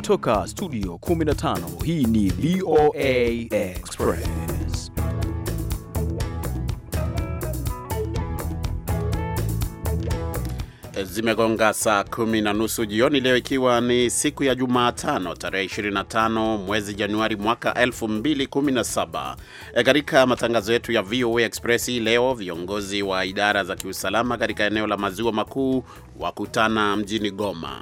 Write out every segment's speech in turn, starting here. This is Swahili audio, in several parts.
kutoka studio 15 hii ni VOA Express zimegonga saa kumi na nusu jioni leo ikiwa ni siku ya Jumatano tarehe 25 mwezi Januari mwaka 2017. E, katika matangazo yetu ya VOA Express hii leo, viongozi wa idara za kiusalama katika eneo la maziwa makuu wakutana mjini Goma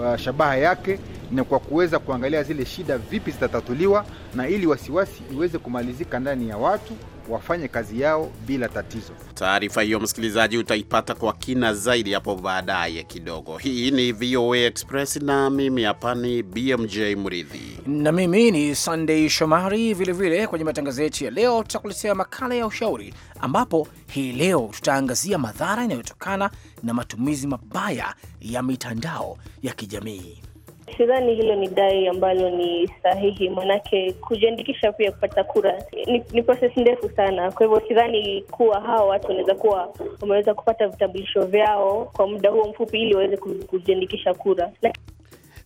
uh, shabaha yake ni kwa kuweza kuangalia zile shida vipi zitatatuliwa, na ili wasiwasi iweze kumalizika ndani ya watu wafanye kazi yao bila tatizo. Taarifa hiyo msikilizaji, utaipata kwa kina zaidi hapo baadaye kidogo. Hii ni VOA Express na mimi hapa ni BMJ Mridhi na mimi ni Sunday Shomari. Vilevile kwenye matangazo yetu ya leo, tutakuletea makala ya ushauri, ambapo hii leo tutaangazia madhara yanayotokana na matumizi mabaya ya mitandao ya kijamii. Sidhani hilo ni dai ambalo ni sahihi, manake kujiandikisha pia kupata kura ni, ni proses ndefu sana. Kwa hivyo sidhani kuwa hawa watu wanaweza kuwa wameweza kupata vitambulisho vyao kwa muda huo mfupi ili waweze kujiandikisha kura.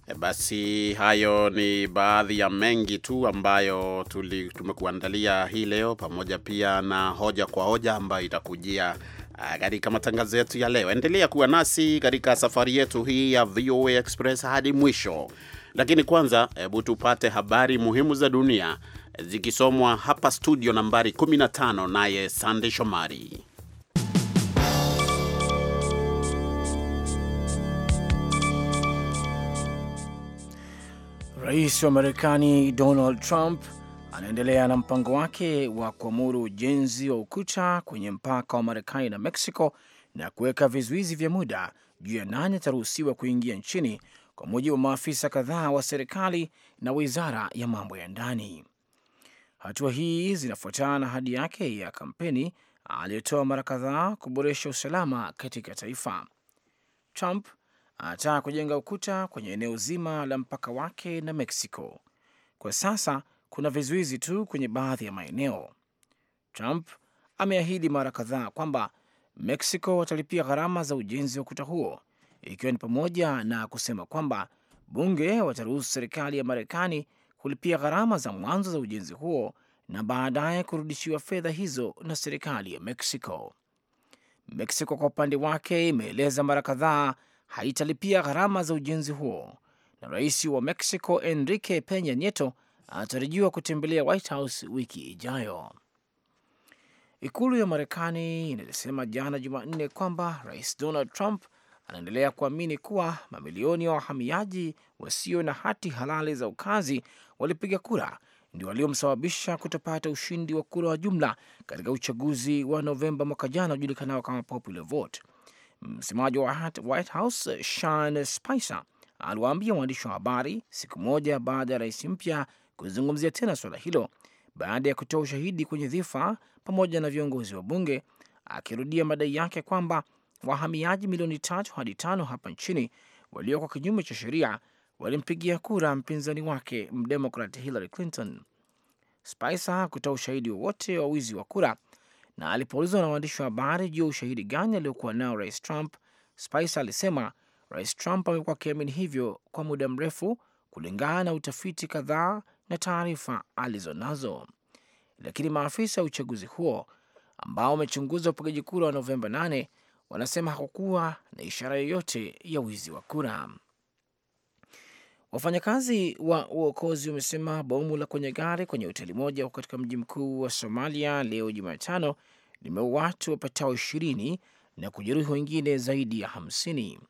Eh, basi hayo ni baadhi ya mengi tu ambayo tumekuandalia hii leo, pamoja pia na hoja kwa hoja ambayo itakujia Ah, katika matangazo yetu ya leo. Endelea kuwa nasi katika safari yetu hii ya VOA Express hadi mwisho, lakini kwanza, hebu tupate habari muhimu za dunia zikisomwa hapa studio nambari 15 naye Sande Shomari. Rais wa Marekani Donald Trump anaendelea na mpango wake wa kuamuru ujenzi wa ukuta kwenye mpaka wa Marekani na Mexico na kuweka vizuizi vya muda juu ya nani ataruhusiwa kuingia nchini, kwa mujibu wa maafisa kadhaa wa serikali na wizara ya mambo ya ndani. Hatua hii zinafuatana na hadi yake ya kampeni aliyotoa mara kadhaa kuboresha usalama katika taifa. Trump anataka kujenga ukuta kwenye eneo zima la mpaka wake na Meksiko. Kwa sasa kuna vizuizi tu kwenye baadhi ya maeneo. Trump ameahidi mara kadhaa kwamba Mexico watalipia gharama za ujenzi wa ukuta huo, ikiwa ni pamoja na kusema kwamba bunge wataruhusu serikali ya Marekani kulipia gharama za mwanzo za ujenzi huo na baadaye kurudishiwa fedha hizo na serikali ya Mexico. Mexico kwa upande wake imeeleza mara kadhaa haitalipia gharama za ujenzi huo, na rais wa Mexico Enrique Penya Nieto anatarajiwa kutembelea White House wiki ijayo. Ikulu ya Marekani inasema jana Jumanne kwamba Rais Donald Trump anaendelea kuamini kuwa mamilioni ya wa wahamiaji wasio na hati halali za ukazi walipiga kura ndio waliomsababisha kutopata ushindi wa kura wa jumla katika uchaguzi wa Novemba mwaka jana ujulikanao kama popular vote. Msemaji wa White House Sean Spicer aliwaambia waandishi wa habari siku moja baada ya rais mpya kuzungumzia tena suala hilo baada ya kutoa ushahidi kwenye dhifa pamoja na viongozi wa bunge, akirudia madai yake kwamba wahamiaji milioni tatu hadi tano hapa nchini walioko kinyume cha sheria walimpigia kura mpinzani wake mdemokrat Hillary Clinton. Spicer hakutoa ushahidi wowote wa wizi wa kura, na alipoulizwa na waandishi wa habari juu ya ushahidi gani aliokuwa nao Rais Trump, Spicer alisema Rais Trump amekuwa akiamini hivyo kwa muda mrefu kulingana na utafiti kadhaa na taarifa alizonazo, lakini maafisa wa uchaguzi huo ambao wamechunguza upigaji kura wa Novemba 8 wanasema hakukuwa na ishara yoyote ya wizi wa kura. Wafanyakazi wa uokozi wamesema bomu la kwenye gari kwenye hoteli moja katika mji mkuu wa Somalia leo Jumatano limeua watu wapatao ishirini na kujeruhi wengine zaidi ya hamsini.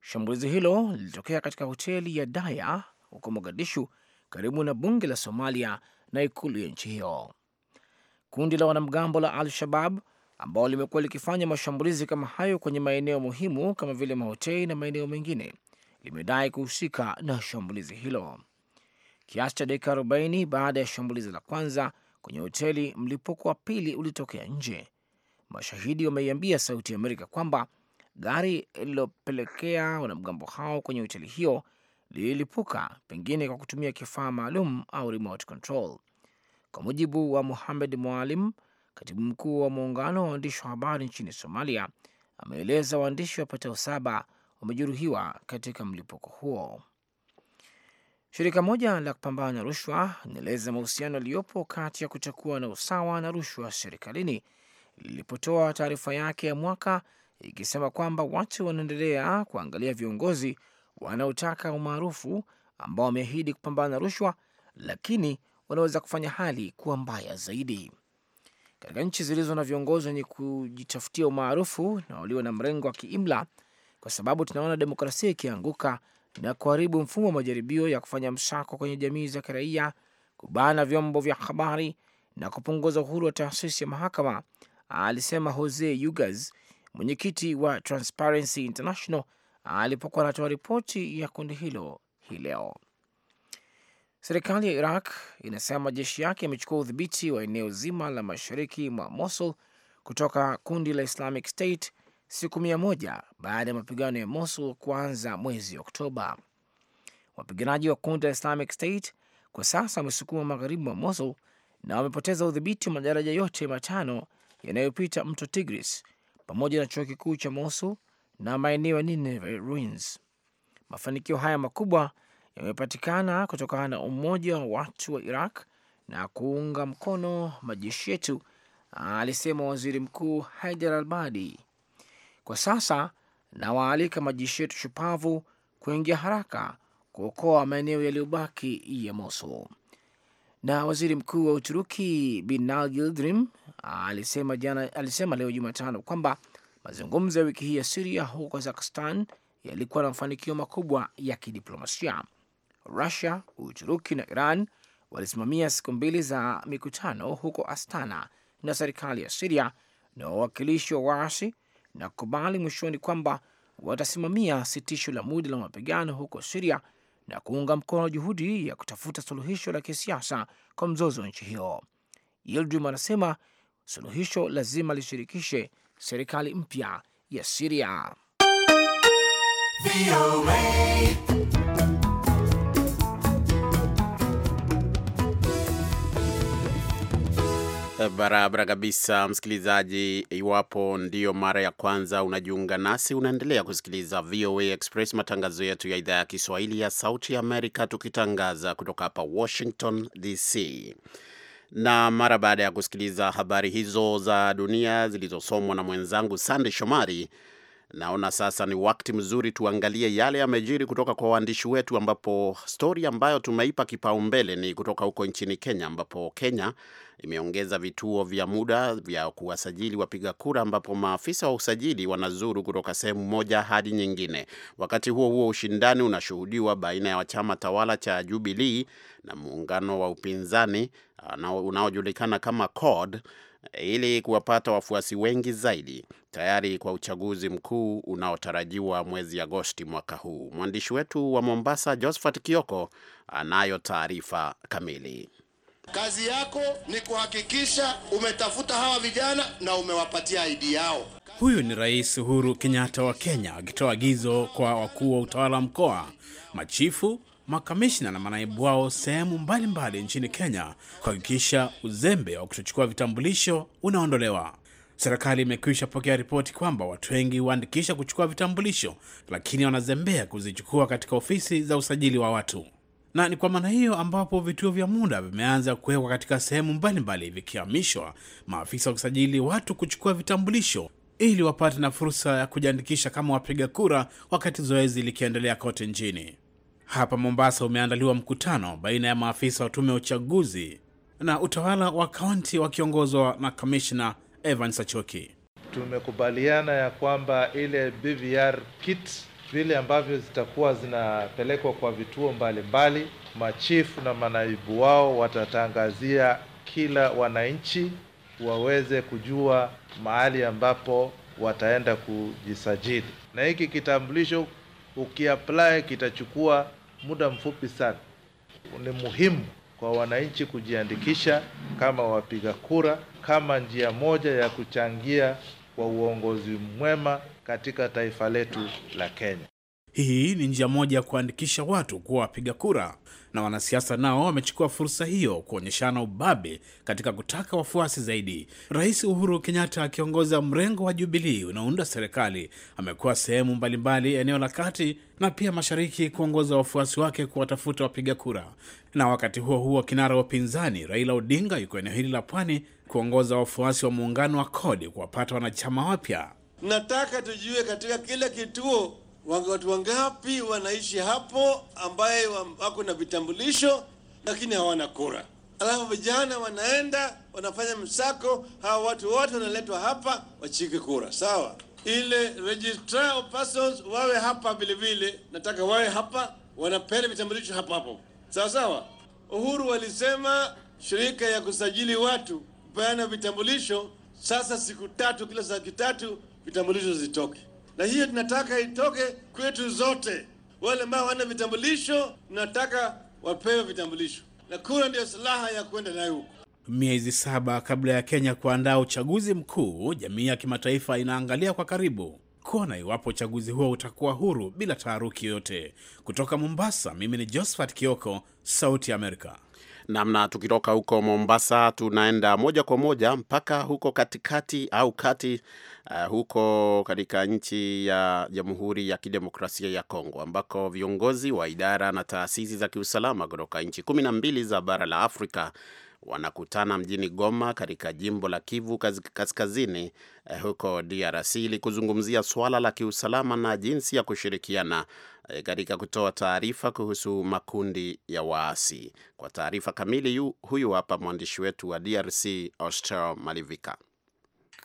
Shambulizi hilo lilitokea katika hoteli ya Daya huko Mogadishu karibu na bunge la Somalia na ikulu ya nchi hiyo. Kundi la wanamgambo la Al-Shabab ambao limekuwa likifanya mashambulizi kama hayo kwenye maeneo muhimu kama vile mahoteli na maeneo mengine limedai kuhusika na shambulizi hilo. Kiasi cha dakika 40 baada ya shambulizi la kwanza kwenye hoteli, mlipuko wa pili ulitokea nje. Mashahidi wameiambia Sauti ya Amerika kwamba gari lililopelekea wanamgambo hao kwenye hoteli hiyo lililipuka, pengine kwa kutumia kifaa maalum au remote control, kwa mujibu wa Muhamed Mwalim. Katibu mkuu wa muungano wa waandishi wa habari nchini Somalia ameeleza waandishi wapatao saba wamejeruhiwa katika mlipuko huo. Shirika moja la kupambana na rushwa linaeleza mahusiano yaliyopo kati ya kutokuwa na usawa na rushwa serikalini lilipotoa taarifa yake ya mwaka ikisema kwamba watu wanaendelea kuangalia viongozi wanaotaka umaarufu ambao wameahidi kupambana na rushwa, lakini wanaweza kufanya hali kuwa mbaya zaidi. Katika nchi zilizo na viongozi wenye kujitafutia umaarufu na walio na mrengo wa kiimla, kwa sababu tunaona demokrasia ikianguka na kuharibu mfumo wa majaribio ya kufanya msako kwenye jamii za kiraia, kubana vyombo vya habari na kupunguza uhuru wa taasisi ya mahakama, alisema Jose Yugas, mwenyekiti wa Transparency International alipokuwa anatoa ripoti ya kundi hilo hii leo. Serikali ya Iraq inasema majeshi yake yamechukua udhibiti wa eneo zima la mashariki mwa Mosul kutoka kundi la Islamic State siku mia moja baada ya mapigano ya Mosul kuanza mwezi Oktoba. Wapiganaji wa kundi la Islamic State kwa sasa wamesukuma magharibi mwa Mosul na wamepoteza udhibiti wa madaraja yote matano yanayopita mto Tigris pamoja na chuo kikuu cha Mosul na maeneo ya Nineveh Ruins. Mafanikio haya makubwa yamepatikana kutokana na umoja wa watu wa Iraq na kuunga mkono majeshi yetu, alisema waziri mkuu Haidar albadi Kwa sasa nawaalika majeshi yetu shupavu kuingia haraka kuokoa maeneo yaliyobaki ya Mosul. Na waziri mkuu wa Uturuki Binali Yildirim alisema, alisema leo Jumatano kwamba Mazungumzo ya wiki hii ya Siria huko Kazakhstan yalikuwa na mafanikio makubwa ya kidiplomasia. Rusia, Uturuki na Iran walisimamia siku mbili za mikutano huko Astana na serikali ya Siria na wawakilishi wa waasi na kukubali mwishoni kwamba watasimamia sitisho la muda la mapigano huko Siria na kuunga mkono juhudi ya kutafuta suluhisho la kisiasa kwa mzozo wa nchi hiyo. Yildirim anasema suluhisho lazima lishirikishe serikali mpya ya Siria. Eh, barabara kabisa, msikilizaji. Iwapo ndiyo mara ya kwanza unajiunga nasi, unaendelea kusikiliza VOA Express, matangazo yetu ya idhaa ya Kiswahili ya Sauti ya Amerika, tukitangaza kutoka hapa Washington DC. Na mara baada ya kusikiliza habari hizo za dunia zilizosomwa na mwenzangu Sande Shomari, Naona sasa ni wakati mzuri tuangalie yale yamejiri kutoka kwa waandishi wetu, ambapo stori ambayo tumeipa kipaumbele ni kutoka huko nchini Kenya, ambapo Kenya imeongeza vituo vya muda vya kuwasajili wapiga kura, ambapo maafisa wa usajili wanazuru kutoka sehemu moja hadi nyingine. Wakati huo huo, ushindani unashuhudiwa baina ya chama tawala cha Jubilee na muungano wa upinzani ah, unaojulikana kama CORD ili kuwapata wafuasi wengi zaidi tayari kwa uchaguzi mkuu unaotarajiwa mwezi Agosti mwaka huu. Mwandishi wetu wa Mombasa, Josephat Kioko, anayo taarifa kamili. Kazi yako ni kuhakikisha umetafuta hawa vijana na umewapatia ID yao. Huyu ni Rais Uhuru Kenyatta wa Kenya akitoa agizo kwa wakuu wa utawala wa mkoa, machifu makamishna na manaibu wao sehemu mbalimbali nchini Kenya kuhakikisha uzembe wa kutochukua vitambulisho unaondolewa. Serikali imekwisha pokea ripoti kwamba watu wengi huandikisha kuchukua vitambulisho, lakini wanazembea kuzichukua katika ofisi za usajili wa watu, na ni kwa maana hiyo ambapo vituo vya muda vimeanza kuwekwa katika sehemu mbalimbali, vikihamishwa maafisa wa kusajili watu kuchukua vitambulisho ili wapate na fursa ya kujiandikisha kama wapiga kura, wakati zoezi likiendelea kote nchini. Hapa Mombasa umeandaliwa mkutano baina ya maafisa wa tume ya uchaguzi na utawala wa kaunti wakiongozwa na kamishna Evan Sachoki. Tumekubaliana ya kwamba ile BVR kit vile ambavyo zitakuwa zinapelekwa kwa vituo mbalimbali, machifu na manaibu wao watatangazia kila wananchi waweze kujua mahali ambapo wataenda kujisajili, na hiki kitambulisho ukiapply kitachukua muda mfupi sana. Ni muhimu kwa wananchi kujiandikisha kama wapiga kura kama njia moja ya kuchangia kwa uongozi mwema katika taifa letu la Kenya. Hii ni njia moja ya kuandikisha watu kuwa wapiga kura na wanasiasa nao wamechukua fursa hiyo kuonyeshana ubabe katika kutaka wafuasi zaidi. Rais Uhuru Kenyatta akiongoza mrengo wa Jubilii unaounda serikali amekuwa sehemu mbalimbali eneo la kati na pia mashariki kuongoza wafuasi wake kuwatafuta wapiga kura, na wakati huo huo kinara wa upinzani Raila Odinga yuko eneo hili la pwani kuongoza wafuasi wa muungano wa kodi kuwapata wanachama wapya. Nataka tujue katika kile kituo watu wangapi wanaishi hapo ambaye wako na vitambulisho lakini hawana kura. Alafu vijana wanaenda wanafanya msako, hawa watu wote wanaletwa hapa wachike kura, sawa? Ile registrar of persons wawe hapa vilevile, nataka wawe hapa, wanapele vitambulisho hapo hapo, sawa sawa. Uhuru walisema shirika ya kusajili watu kupeana vitambulisho, sasa siku tatu, kila siku tatu vitambulisho zitoke na hiyo tunataka itoke kwetu zote. Wale ambao hawana vitambulisho tunataka wapewe vitambulisho, na kura ndiyo silaha ya kuenda nayo huko. Miezi saba kabla ya Kenya kuandaa uchaguzi mkuu, jamii ya kimataifa inaangalia kwa karibu kuona iwapo uchaguzi huo utakuwa huru bila taharuki yoyote. Kutoka Mombasa, mimi ni Josephat Kioko, Sauti ya Amerika. Namna tukitoka huko Mombasa, tunaenda moja kwa moja mpaka huko katikati au kati uh, huko katika nchi ya Jamhuri ya, Kidemokrasia ya Kongo ambako viongozi wa idara na taasisi za kiusalama kutoka nchi kumi na mbili za bara la Afrika wanakutana mjini Goma katika jimbo la Kivu Kaskazini eh, huko DRC ili kuzungumzia swala la kiusalama na jinsi ya kushirikiana eh, katika kutoa taarifa kuhusu makundi ya waasi. Kwa taarifa kamili, huyu hapa mwandishi wetu wa DRC Austral Malivika.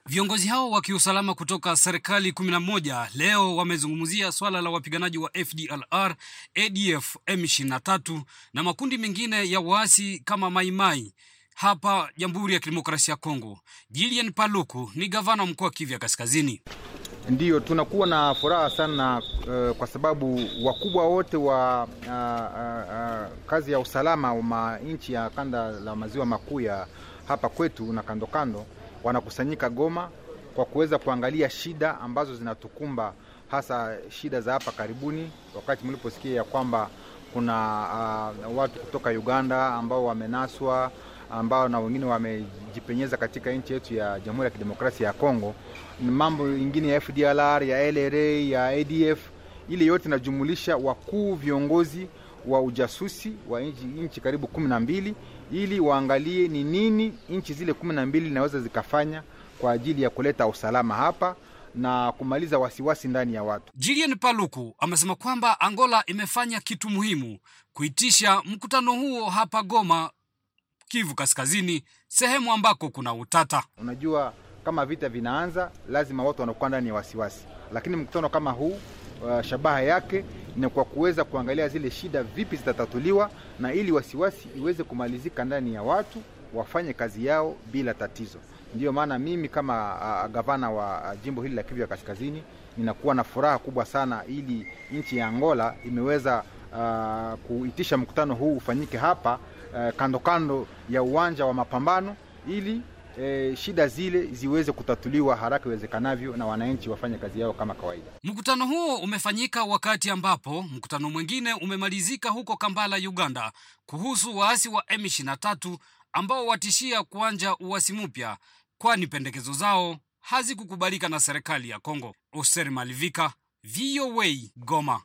Viongozi hao wa kiusalama kutoka serikali 11 leo wamezungumzia swala la wapiganaji wa FDLR, ADF, M23 na makundi mengine ya waasi kama Maimai hapa Jamhuri ya Kidemokrasia ya Kongo. Julian Paluku ni gavana mkuu wa Kivu ya Kaskazini. Ndiyo, tunakuwa na furaha sana uh, kwa sababu wakubwa wote wa uh, uh, uh, kazi ya usalama wa nchi ya kanda la maziwa makuu ya hapa kwetu na kando kando wanakusanyika Goma kwa kuweza kuangalia shida ambazo zinatukumba hasa shida za hapa karibuni, wakati mliposikia ya kwamba kuna uh, watu kutoka Uganda ambao wamenaswa ambao na wengine wamejipenyeza katika nchi yetu ya Jamhuri ya Kidemokrasia ya Kongo. Mambo ingine ya FDLR, ya LRA, ya ADF, ile yote inajumulisha wakuu viongozi wa ujasusi wa nchi karibu kumi na mbili ili waangalie ni nini nchi zile kumi na mbili zinaweza zikafanya kwa ajili ya kuleta usalama hapa na kumaliza wasiwasi ndani ya watu. Julian Paluku amesema kwamba Angola imefanya kitu muhimu kuitisha mkutano huo hapa Goma, Kivu Kaskazini, sehemu ambako kuna utata. Unajua, kama vita vinaanza, lazima watu wanakuwa ndani ya wasiwasi, lakini mkutano kama huu uh, shabaha yake ni kwa kuweza kuangalia zile shida vipi zitatatuliwa, na ili wasiwasi iweze kumalizika ndani ya watu wafanye kazi yao bila tatizo. Ndiyo maana mimi kama uh, gavana wa uh, jimbo hili la Kivu ya Kaskazini ninakuwa na furaha kubwa sana, ili nchi ya Angola imeweza uh, kuitisha mkutano huu ufanyike hapa uh, kando kando ya uwanja wa mapambano ili e, shida zile ziweze kutatuliwa haraka iwezekanavyo na wananchi wafanye kazi yao kama kawaida. Mkutano huo umefanyika wakati ambapo mkutano mwingine umemalizika huko Kampala, Uganda, kuhusu waasi wa M23 ambao watishia kuanja uasi mpya, kwani pendekezo zao hazikukubalika na serikali ya Kongo. Oser Malivika, VOA, Goma.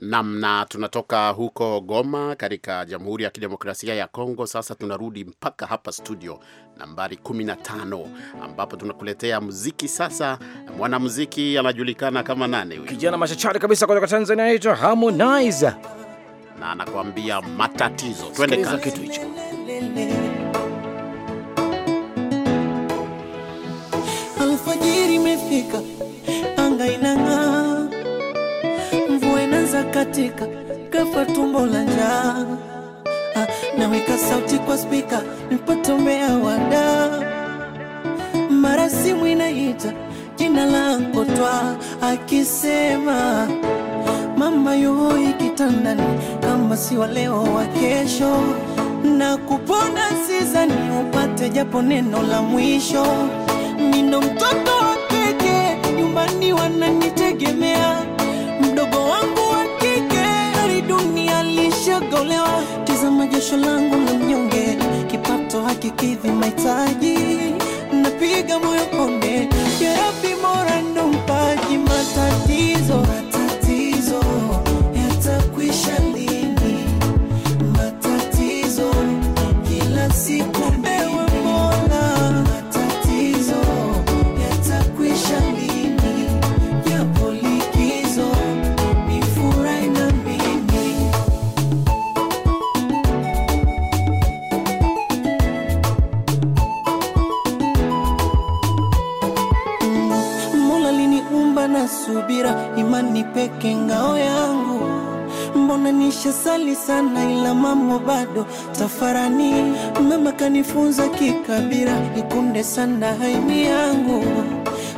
Nam, na tunatoka huko Goma katika Jamhuri ya Kidemokrasia ya Kongo. Sasa tunarudi mpaka hapa studio nambari 15 ambapo tunakuletea muziki. Sasa mwanamuziki anajulikana kama nani huyu? Kijana machachari kabisa kutoka Tanzania anaitwa Harmonize na anakuambia matatizo. Twende kazi, kitu hicho alfajiri imefika katika kafa tumbo la njaa. Ah, naweka sauti kwa spika nipate umea wada, mara simu inaita jina langu twa akisema mama yuhoi kitandani, kama si waleo wa kesho na kupona sizani upate japo neno la mwisho. Nino mtoto wa pekee nyumbani wananitegemea kuolewa. Tazama jasho langu la mnyonge, kipato hakikidhi mahitaji, napiga moyo konde, kerapi mora ndo mpaji matati sana, ila mambo bado tafarani. Mama kanifunza kikabira nikunde sana haini yangu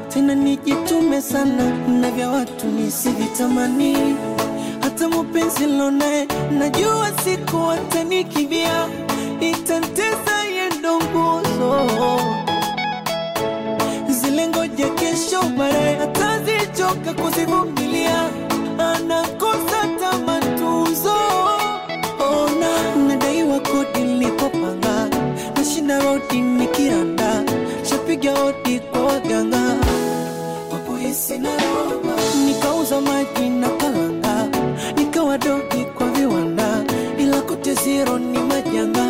tena, nijitume sana na vya watu nisivitamani. Hata mupenzi lonaye najua siku watanikibia, itanteza yendo nguzo zile, kesho baadaye, hatazichoka kuzivumilia Nikasoma kalanga, dogi kwa viwanda, ila kote zero ni majanga.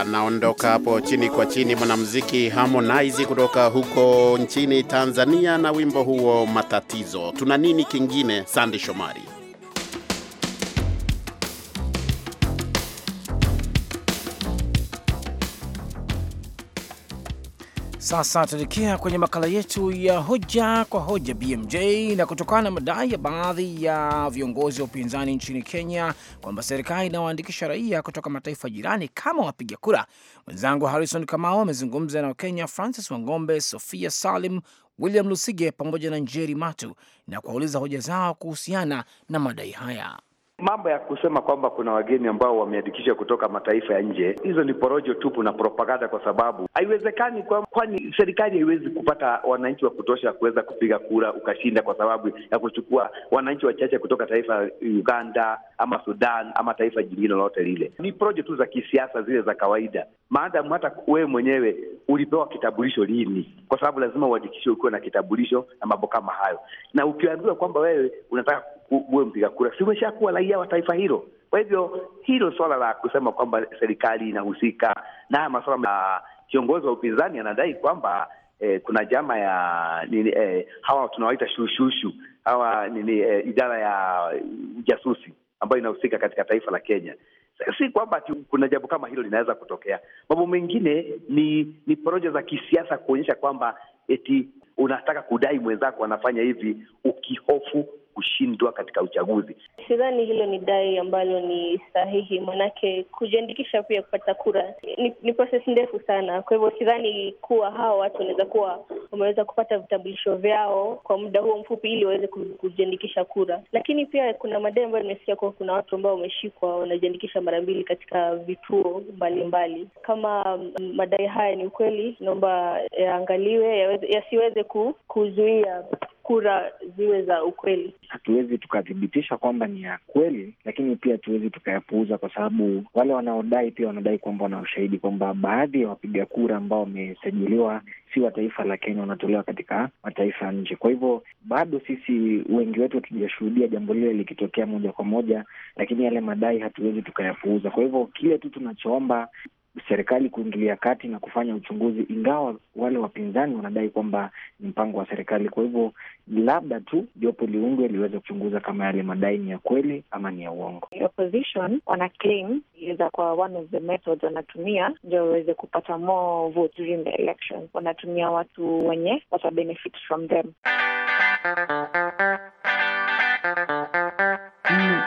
Anaondoka ah, hapo chini kwa chini mwanamziki Harmonize kutoka huko nchini Tanzania na wimbo huo Matatizo. Tuna nini kingine, sandi Shomari? Sasa tuelekea kwenye makala yetu ya hoja kwa hoja BMJ. Na kutokana na madai ya baadhi ya viongozi wa upinzani nchini Kenya kwamba serikali inawaandikisha raia kutoka mataifa jirani kama wapiga kura, mwenzangu Harrison Kamao amezungumza na Wakenya Francis Wangombe, Sofia Salim, William Lusige pamoja na Njeri Matu na kuwauliza hoja zao kuhusiana na madai haya. Mambo ya kusema kwamba kuna wageni ambao wameandikisha kutoka mataifa ya nje, hizo ni porojo tupu na propaganda, kwa sababu haiwezekani, kwani serikali haiwezi kupata wananchi wa kutosha kuweza kupiga kura ukashinda, kwa sababu ya kuchukua wananchi wachache kutoka taifa la Uganda ama Sudan ama taifa jingine lolote lile. Ni porojo tu za kisiasa zile za kawaida, maadamu hata wewe mwenyewe ulipewa kitambulisho lini? Kwa sababu lazima uandikishe ukiwa na kitambulisho na mambo kama hayo, na ukiambiwa kwamba wewe unataka uwe mpiga kura, si umeshakuwa raia wa taifa hilo? Kwa hivyo hilo swala la kusema kwamba serikali inahusika na haya masuala, kiongozi wa upinzani anadai kwamba eh, kuna jama ya nini, eh, hawa tunawaita shushushu hawa nini, eh, idara ya ujasusi ambayo inahusika katika taifa la Kenya. Si kwamba kuna jambo kama hilo linaweza kutokea. Mambo mengine ni ni porojo za kisiasa kuonyesha kwamba eti unataka kudai mwenzako anafanya hivi ukihofu kushindwa katika uchaguzi. Sidhani hilo ni dai ambalo ni sahihi, manake kujiandikisha pia kupata kura ni, ni proses ndefu sana. Kwa hivyo sidhani kuwa hawa watu wanaweza kuwa wameweza kupata vitambulisho vyao kwa muda huo mfupi ili waweze kujiandikisha kura. Lakini pia kuna madai ambayo nimesikia kuwa kuna watu ambao wameshikwa wanajiandikisha mara mbili katika vituo mbalimbali. Kama mm, madai haya ni ukweli, naomba yaangaliwe yasiweze ya kuzuia kura ziwe za ukweli. Hatuwezi tukathibitisha kwamba ni ya kweli, lakini pia hatuwezi tukayapuuza, kwa sababu wale wanaodai pia wanadai kwamba wana ushahidi kwamba baadhi ya wapiga kura ambao wamesajiliwa si wa taifa la Kenya, wanatolewa katika mataifa ya nje. Kwa hivyo bado sisi wengi wetu hatujashuhudia jambo lile likitokea moja kwa moja, lakini yale madai hatuwezi tukayapuuza. Kwa hivyo kile tu tunachoomba serikali kuingilia kati na kufanya uchunguzi, ingawa wale wapinzani wanadai kwamba ni mpango wa serikali. Kwa hivyo labda tu jopo liundwe liweze kuchunguza kama yale madai ni ya kweli ama ni ya uongo. Opposition wana claim za kwa one of the methods wanatumia ndio waweze kupata more votes during the election. Wanatumia watu wenye wata benefit from them. Mm.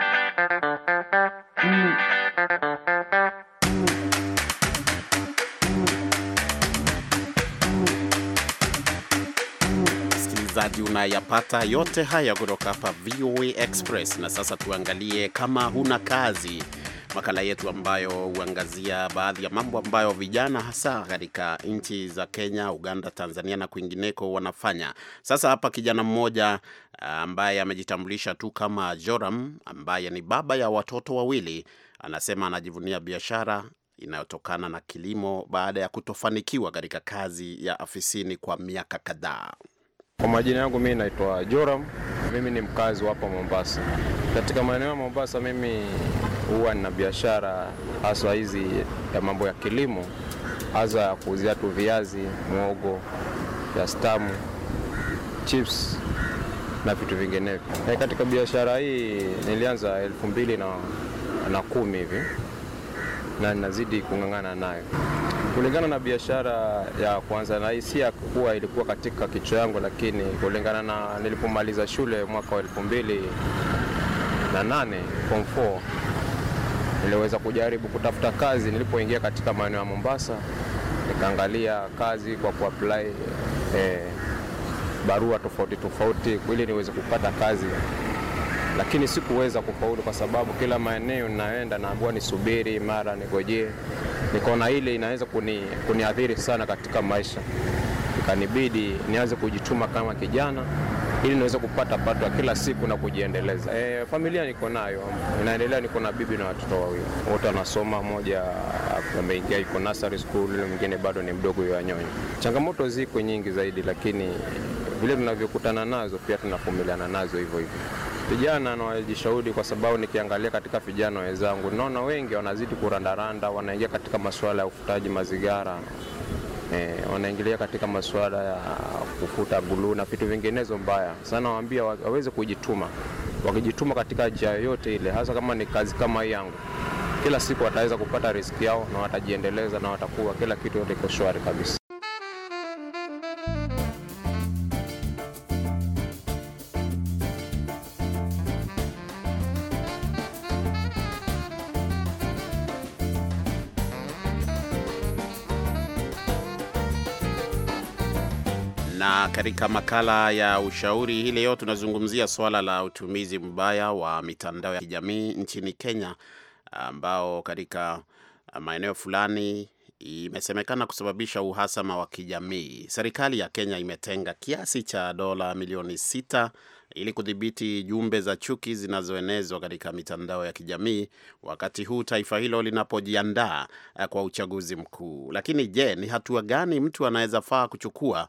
msikilizaji, unayapata yote haya kutoka hapa VOA Express. Na sasa tuangalie kama huna kazi, makala yetu ambayo huangazia baadhi ya mambo ambayo vijana hasa katika nchi za Kenya, Uganda, Tanzania na kwingineko wanafanya. Sasa hapa kijana mmoja ah, ambaye amejitambulisha tu kama Joram, ambaye ni baba ya watoto wawili, anasema anajivunia biashara inayotokana na kilimo baada ya kutofanikiwa katika kazi ya afisini kwa miaka kadhaa. Kwa majina yangu mimi naitwa Joram, mimi ni mkazi hapa Mombasa. Katika maeneo ya Mombasa mimi huwa nina biashara haswa hizi ya mambo ya kilimo, hasa ya kuuzia tu viazi, muogo, ya stamu, chips na vitu vinginevyo. Eh, katika biashara hii nilianza elfu mbili na, na kumi hivi na ninazidi kung'ang'ana nayo. Kulingana na biashara ya kwanza, na hii si ya kuwa ilikuwa katika kichwa yangu, lakini kulingana na nilipomaliza shule mwaka wa elfu mbili na nane form 4 niliweza kujaribu kutafuta kazi. Nilipoingia katika maeneo ya Mombasa, nikaangalia kazi kwa kuapply eh, barua tofauti tofauti ili niweze kupata kazi lakini sikuweza kufaulu kwa sababu kila maeneo ninaenda naambiwa nisubiri, mara nigojee. Nikaona ile inaweza kuni, kuniathiri sana katika maisha, ikanibidi nianze kujituma kama kijana ili niweze kupata pato kila siku na kujiendeleza. E, familia niko nayo inaendelea, niko na bibi na watoto wawili, wote wanasoma, moja ameingia iko nursery school, mwingine bado ni mdogo, yanyonya. Changamoto ziko nyingi zaidi, lakini vile tunavyokutana nazo pia tunavumiliana nazo hivyo hivyo. Vijana nawajishauri kwa sababu nikiangalia katika vijana wenzangu naona wengi wanazidi kurandaranda, wanaingia katika masuala ya ufutaji mazigara e, eh, wanaingilia katika masuala ya kufuta buluu na vitu vinginezo mbaya sana. Waambia waweze kujituma, wakijituma katika njia yoyote ile, hasa kama ni kazi kama yangu, kila siku wataweza kupata riski yao na watajiendeleza na watakuwa kila kitu yote iko shwari kabisa. katika makala ya ushauri hii leo tunazungumzia swala la utumizi mbaya wa mitandao ya kijamii nchini Kenya, ambao katika maeneo fulani imesemekana kusababisha uhasama wa kijamii. Serikali ya Kenya imetenga kiasi cha dola milioni sita ili kudhibiti jumbe za chuki zinazoenezwa katika mitandao ya kijamii, wakati huu taifa hilo linapojiandaa kwa uchaguzi mkuu. Lakini je, ni hatua gani mtu anaweza faa kuchukua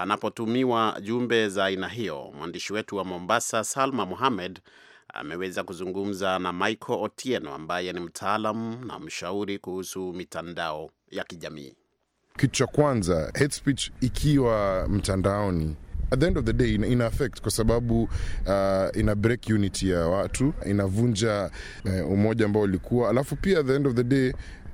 anapotumiwa jumbe za aina hiyo. Mwandishi wetu wa Mombasa, Salma muhamed ameweza kuzungumza na Michael Otieno ambaye ni mtaalam na mshauri kuhusu mitandao ya kijamii. Kitu cha kwanza, hate speech ikiwa mtandaoni At the end of the day ina affect kwa sababu uh, ina break unity ya watu, inavunja uh, umoja ambao ulikuwa, alafu pia at the end of the day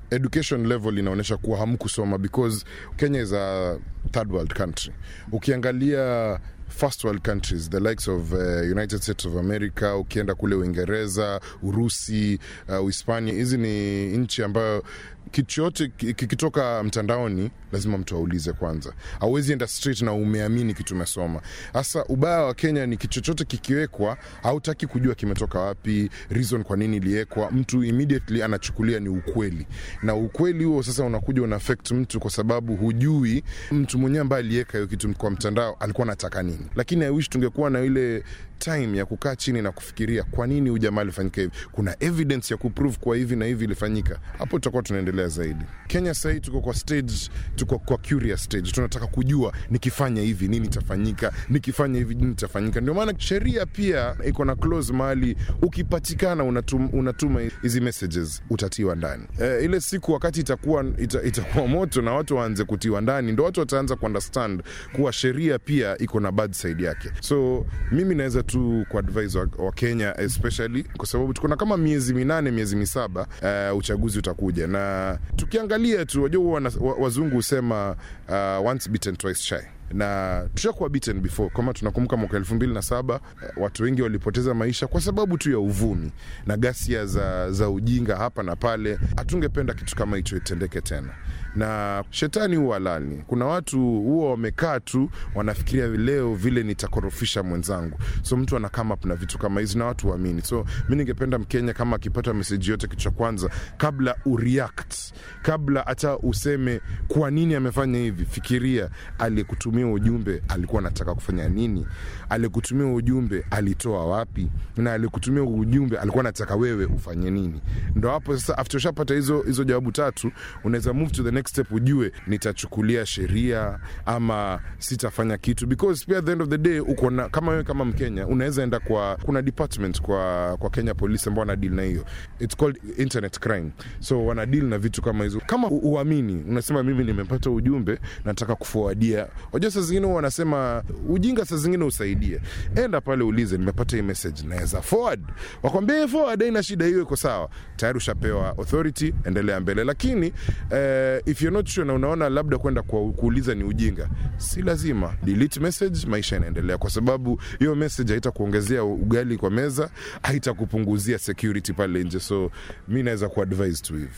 education level inaonyesha kuwa hamkusoma because Kenya is a third world country. Ukiangalia first world countries the likes of uh, United States of America, ukienda kule Uingereza, Urusi, uh, Uhispania. Uh, hizi ni nchi ambayo kitu chote kikitoka mtandaoni lazima mtu aulize kwanza. auwezi enda street na umeamini kitu umesoma. hasa ubaya wa Kenya ni kitu chochote kikiwekwa, hautaki kujua kimetoka wapi, reason kwa nini iliwekwa. Mtu immediately anachukulia ni ukweli, na ukweli huo sasa unakuja una mtu, kwa sababu hujui mtu mwenyewe ambaye aliweka hiyo kitu kwa mtandao alikuwa anataka nini lakini I wish tungekuwa na ile time ya kukaa chini na kufikiria kwa nini huyu jamaa alifanyika hivi, kuna evidence ya kuprove kwa hivi na hivi ilifanyika, hapo tutakuwa tunaendelea zaidi. Kenya sahii tuko kwa stage, tuko kwa curious stage, tunataka kujua nikifanya hivi nini itafanyika, nikifanya hivi nini itafanyika. Ndio maana sheria pia iko na clause mahali ukipatikana unatum, unatuma hizi messages utatiwa ndani. E, ile siku wakati itakuwa ita, itakuwa moto na watu waanze kutiwa ndani, ndo watu wataanza kuunderstand kuwa sheria pia iko na bad side yake. So mimi naweza tu kuadvise wa, wa Kenya especially kwa sababu tuko na kama miezi minane miezi misaba uh, uchaguzi utakuja, na tukiangalia tu wajua, wa, wazungu husema uh, once bitten twice shy na tushakuwa beaten before kama tunakumbuka mwaka elfu mbili na saba eh, watu wengi walipoteza maisha kwa sababu tu ya uvumi na gasia za, za ujinga hapa na pale. Hatungependa kitu kama hicho itendeke tena na shetani huwa lani. Kuna watu huwa wamekaa tu wanafikiria leo vile nitakorofisha mwenzangu, so mtu ana come up na vitu kama hizi na watu waamini. So mi ningependa Mkenya kama akipata meseji yote, kitu cha kwanza kabla ureact, kabla hata useme kwa nini amefanya hivi, fikiria aliyekutumia ujumbe alikuwa anataka kufanya nini, aliyekutumia ujumbe alitoa wapi, na aliyekutumia ujumbe alikuwa anataka wewe ufanye nini. Ndo hapo sasa, after ushapata hizo hizo jawabu tatu, unaweza move to the next step ujue nitachukulia sheria ama sitafanya kitu because pia at the end of the day uko na kama wewe kama Mkenya unaweza enda kwa kuna department kwa kwa Kenya Police ambao wana deal na hiyo it's called internet crime so wana deal na vitu kama hizo kama uamini unasema mimi nimepata ujumbe nataka kufuadia unajua saa zingine wanasema ujinga saa zingine usaidie enda pale ulize nimepata hii message naweza forward wakwambia forward haina shida hiyo iko sawa tayari ushapewa authority endelea mbele lakini eh, if you're not sure na unaona labda kwenda kuuliza ni ujinga, si lazima delete message, maisha yanaendelea, kwa sababu hiyo message haitakuongezea ugali kwa meza, haitakupunguzia security pale nje. So mi naweza kuadvise tu hivyo.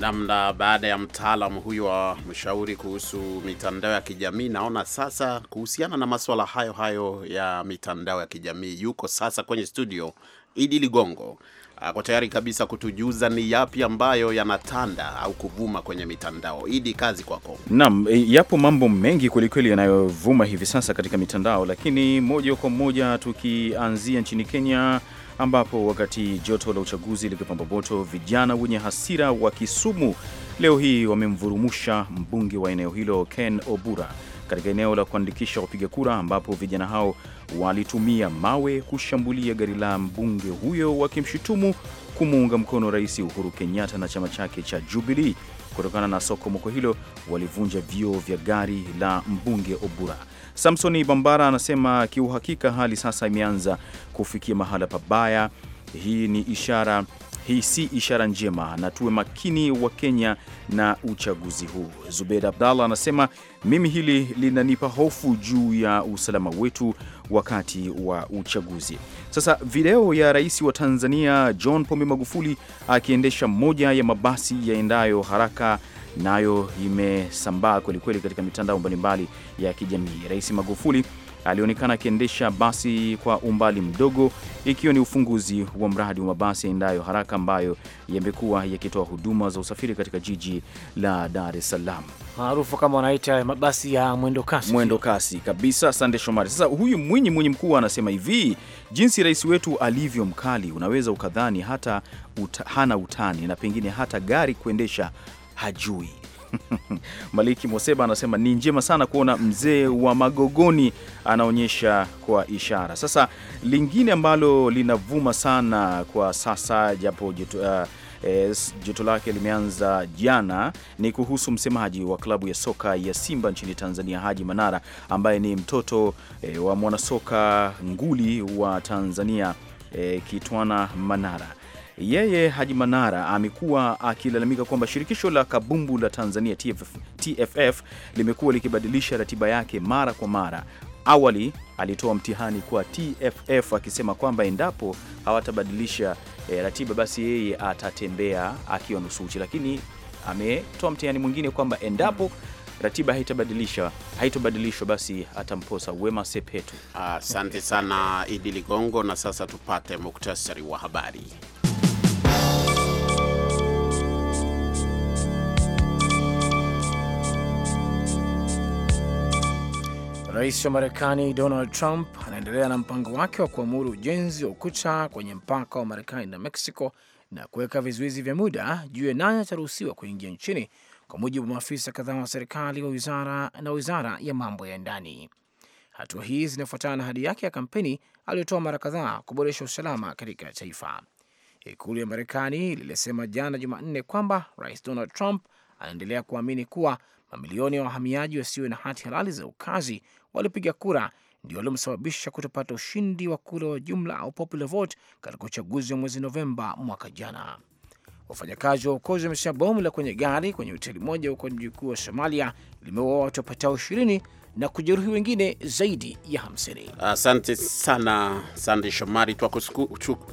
namna baada ya mtaalam huyo wa mshauri kuhusu mitandao ya kijamii, naona sasa kuhusiana na masuala hayo hayo ya mitandao ya kijamii yuko sasa kwenye studio Idi Ligongo ako tayari kabisa kutujuza ni yapi ambayo yanatanda au kuvuma kwenye mitandao. Idi, kazi kwako. Naam, e, yapo mambo mengi kwelikweli yanayovuma hivi sasa katika mitandao, lakini moja kwa moja tukianzia nchini Kenya ambapo wakati joto la uchaguzi likipamba moto, vijana wenye hasira wa Kisumu leo hii wamemvurumusha mbunge wa eneo hilo Ken Obura katika eneo la kuandikisha wapiga kura, ambapo vijana hao walitumia mawe kushambulia gari la mbunge huyo wakimshutumu kumuunga mkono Rais Uhuru Kenyatta na chama chake cha Jubilee. Kutokana na sokomoko hilo, walivunja vioo vya gari la mbunge Obura. Samsoni Bambara anasema kiuhakika, hali sasa imeanza kufikia mahala pabaya. Hii ni ishara hii si ishara njema, na tuwe makini wa Kenya na uchaguzi huu. Zubeid Abdallah anasema mimi hili linanipa hofu juu ya usalama wetu wakati wa uchaguzi. Sasa video ya rais wa Tanzania John Pombe Magufuli akiendesha moja ya mabasi yaendayo haraka nayo imesambaa kwelikweli katika mitandao mbalimbali ya kijamii. Rais Magufuli alionekana akiendesha basi kwa umbali mdogo, ikiwa ni ufunguzi wa mradi wa mabasi yaendayo haraka ambayo yamekuwa yakitoa huduma za usafiri katika jiji la Dar es Salaam, maarufu kama wanaita mabasi ya mwendo kasi. Mwendo kasi kabisa, Sande Shomari. Sasa huyu Mwinyi Mwinyi mkuu anasema hivi, jinsi rais wetu alivyo mkali, unaweza ukadhani hata uta, hana utani na pengine hata gari kuendesha hajui. Maliki moseba anasema ni njema sana kuona mzee wa Magogoni anaonyesha kwa ishara. Sasa lingine ambalo linavuma sana kwa sasa japo joto, uh, eh, joto lake limeanza jana ni kuhusu msemaji wa klabu ya soka ya Simba nchini Tanzania Haji Manara ambaye ni mtoto eh, wa mwanasoka nguli wa Tanzania eh, Kitwana Manara yeye Haji Manara amekuwa akilalamika kwamba shirikisho la kabumbu la Tanzania TFF, TFF limekuwa likibadilisha ratiba yake mara kwa mara. Awali alitoa mtihani kwa TFF akisema kwamba endapo hawatabadilisha e, ratiba basi yeye atatembea akiwa nusu uchi, lakini ametoa mtihani mwingine kwamba endapo ratiba haitabadilisha haitobadilishwa basi atamposa Wema Sepetu. Asante sana Idi Ligongo, na sasa tupate muktasari wa habari. Rais wa Marekani Donald Trump anaendelea na mpango wake wa kuamuru ujenzi wa ukuta kwenye mpaka wa Marekani na Mexico na kuweka vizuizi vya muda juu ya nani ataruhusiwa kuingia nchini, kwa mujibu wa maafisa kadhaa wa serikali wa wizara na wizara ya mambo ya ndani. Hatua hii zinafuatana na hadi yake ya kampeni aliyotoa mara kadhaa kuboresha usalama katika taifa. Ikulu ya Marekani lilisema jana Jumanne kwamba Rais Donald Trump anaendelea kuamini kuwa mamilioni ya wahamiaji wasiwe na hati halali za ukazi walipiga kura ndio waliomsababisha kutopata ushindi wa kura wa jumla au popular vote katika uchaguzi wa mwezi Novemba mwaka jana. Wafanyakazi wa uokozi wamesema bomu la kwenye gari kwenye hoteli moja huko mji mkuu wa Somalia limeua watu wapatao ishirini na kujeruhi wengine zaidi ya hamsini. Asante sana Sande Shomari,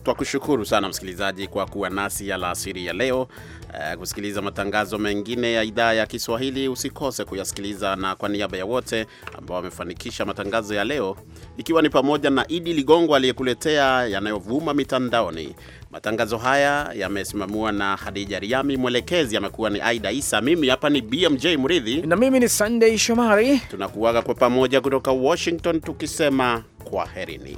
twakushukuru sana msikilizaji kwa kuwa nasi alasiri ya leo. Uh, kusikiliza matangazo mengine ya idhaa ya Kiswahili usikose kuyasikiliza, na kwa niaba ya wote ambao wamefanikisha matangazo ya leo, ikiwa ni pamoja na Idi Ligongo aliyekuletea yanayovuma mitandaoni Matangazo haya yamesimamiwa na hadija Riami, mwelekezi amekuwa ni Aida Isa, mimi hapa ni BMJ Mridhi na mimi ni Sunday Shomari. Tunakuaga kwa pamoja kutoka Washington tukisema kwaherini.